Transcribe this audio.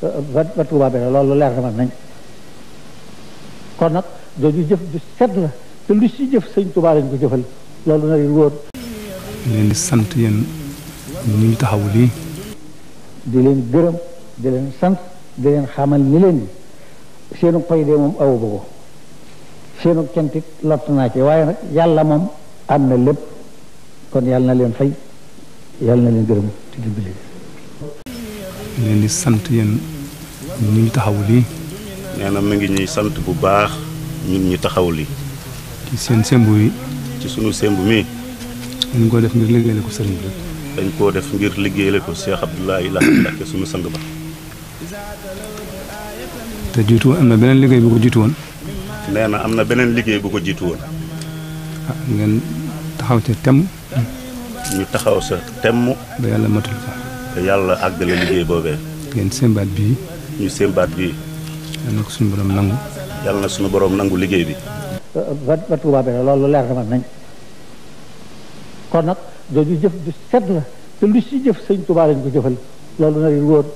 ba Touba Belel loolu leer na nañ kon nag jooju jëf ju set la te lu si jëf sëñ Touba lañ ko jëfal loolu na leen wóor di leen di sant yéen ñu ñu taxawu di leen gërëm di leen sant di leen xamal ni leen ni seenu pay de moom awu ko seenu cantik lott naa ci waaye nag yàlla moom am na lépp kon yàlla na leen fay yàlla na leen gërëm te dimbali leen di sant yéen ñi ñu taxaw lii nee na mi ngi ñuy sant bu baax ñun ñu taxaw lii ci seen sembu yi ci sunu sembu mi dañ ko def ngir liggéeyale ko sëriñ bi dañ ko def ngir liggéeyale ko cheikh abdoulaye ilah ak sunu sang ba te jiitu am na beneen liggéey bu ko jiitu woon nee na am na beneen liggéey bu ko jiitu woon ah, ngeen taxaw ca temm ñu taxaw sa temm ba yàlla matul fa te yàlla àggale liggéey boobee. ngeen sémbaat bii. ñu sémbaat bii. yal na ko suñu borom nangu. yàlla na suñu boroom nangu liggéey bi. ba ba Touba bi loolu leer na man nañ kon nag jooju jëf ju set la te lu ci jëf sëñ Touba lañ ko jëfal loolu na wóor.